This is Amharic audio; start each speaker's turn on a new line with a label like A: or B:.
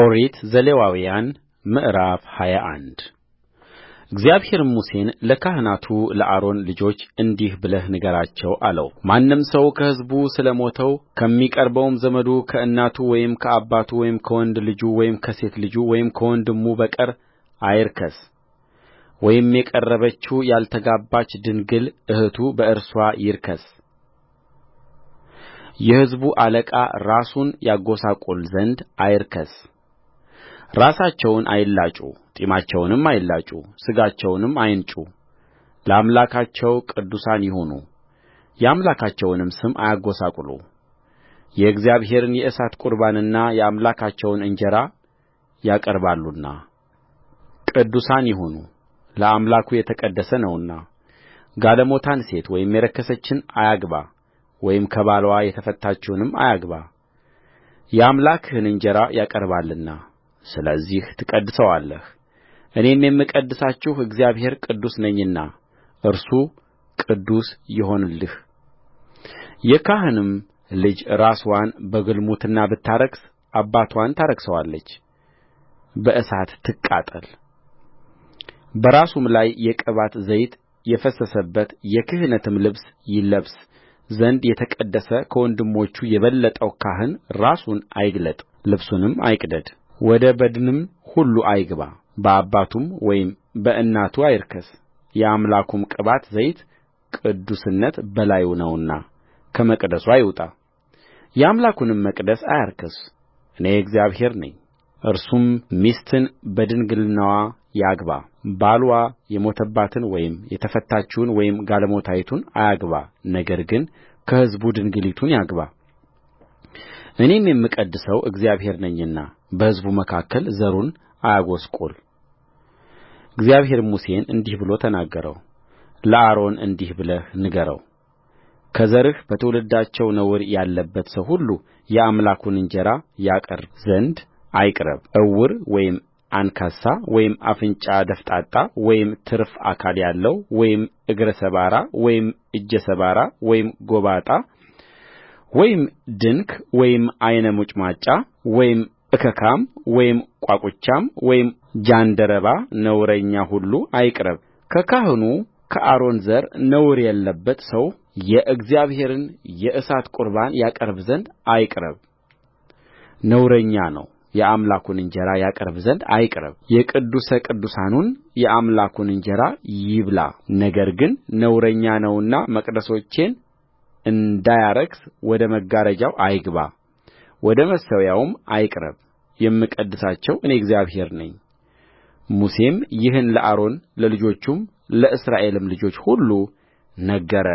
A: ኦሪት ዘሌዋውያን ምዕራፍ ሃያ አንድ እግዚአብሔርም ሙሴን ለካህናቱ ለአሮን ልጆች እንዲህ ብለህ ንገራቸው አለው። ማንም ሰው ከሕዝቡ ስለ ሞተው ከሚቀርበውም ዘመዱ ከእናቱ ወይም ከአባቱ ወይም ከወንድ ልጁ ወይም ከሴት ልጁ ወይም ከወንድሙ በቀር አይርከስ። ወይም የቀረበችው ያልተጋባች ድንግል እህቱ በእርሷ ይርከስ። የሕዝቡ አለቃ ራሱን ያጐሳቍል ዘንድ አይርከስ። ራሳቸውን አይላጩ ጢማቸውንም አይላጩ ሥጋቸውንም አይንጩ ለአምላካቸው ቅዱሳን ይሁኑ የአምላካቸውንም ስም አያጐስቍሉ የእግዚአብሔርን የእሳት ቍርባንና የአምላካቸውን እንጀራ ያቀርባሉና ቅዱሳን ይሁኑ ለአምላኩ የተቀደሰ ነውና ጋለሞታን ሴት ወይም የረከሰችውን አያግባ ወይም ከባልዋ የተፈታችውንም አያግባ የአምላክህን እንጀራ ያቀርባልና ስለዚህ ትቀድሰዋለህ እኔም የምቀድሳችሁ እግዚአብሔር ቅዱስ ነኝና እርሱ ቅዱስ ይሁንልህየካህንም ልጅ ራስዋን በግልሙትና ብታረክስ አባትዋን ታረክሰዋለች በእሳት ትቃጠል በራሱም ላይ የቅባት ዘይት የፈሰሰበት የክህነትም ልብስ ይለብስ ዘንድ የተቀደሰ ከወንድሞቹ የበለጠው ካህን ራሱን አይግለጥ ልብሱንም አይቅደድ ወደ በድንም ሁሉ አይግባ በአባቱም ወይም በእናቱ አይርከስየአምላኩም ቅባት ዘይት ቅዱስነት በላዩ ነውና ከመቅደሱ አይውጣ የአምላኩንም መቅደስ አያርክስ እኔ እግዚአብሔር እርሱም ሚስትን በድንግልናዋ ያግባ ባልዋ የሞተባትን ወይም የተፈታችውን ወይም ጋለሞታይቱን አያግባ ነገር ግን ከሕዝቡ ድንግሊቱን ያግባ እኔም የምቀድሰው እግዚአብሔር ነኝና በሕዝቡ መካከል ዘሩን እግዚአብሔር ሙሴን እንዲህ ብሎ ተናገረውለአሮን እንዲህ ብለህ ንገረው ከዘርህ በትውልዳቸው ነውር ያለበት ሰው ሁሉ የአምላኩን እንጀራ ያቀርብ ዘንድ አይቅረብ ዕውር ወይም አንካሳ ወይም አፍንጫ ደፍጣጣ ወይም ትርፍ አካል ያለው ወይም እግረ ሰባራ ወይም እጀ ሰባራ ወይም ጎባጣ ወይም ድንክ ወይም ዓይነ መጭማጫ ወይም እከካም ወይም ቋቁቻም ወይም ጃንደረባ ነውረኛ ሁሉ አይቅረብከካህኑ ከአሮን ዘር ነውር ያለበት ሰው የእግዚአብሔርን የእሳት ቁርባን ያቀርብ ዘንድ አይቅረብ ነውረኛ ነው የአምላኩን እንጀራ ያቀርብ ዘንድ አይቅረብ የቅዱሰ ቅዱሳኑን የአምላኩን እንጀራ ይብላ ነገር ግን ነውረኛ ነውና መቅደሶቼን እንዳያረክስ ወደ መጋረጃው አይግባ ወደ መሠዊያውም አይቅረብ የምቀድሳቸው እኔ እግዚአብሔር ነኝሙሴም ይህን ለአሮን ለልጆቹም ለእስራኤልም ልጆች ሁሉ ነገረ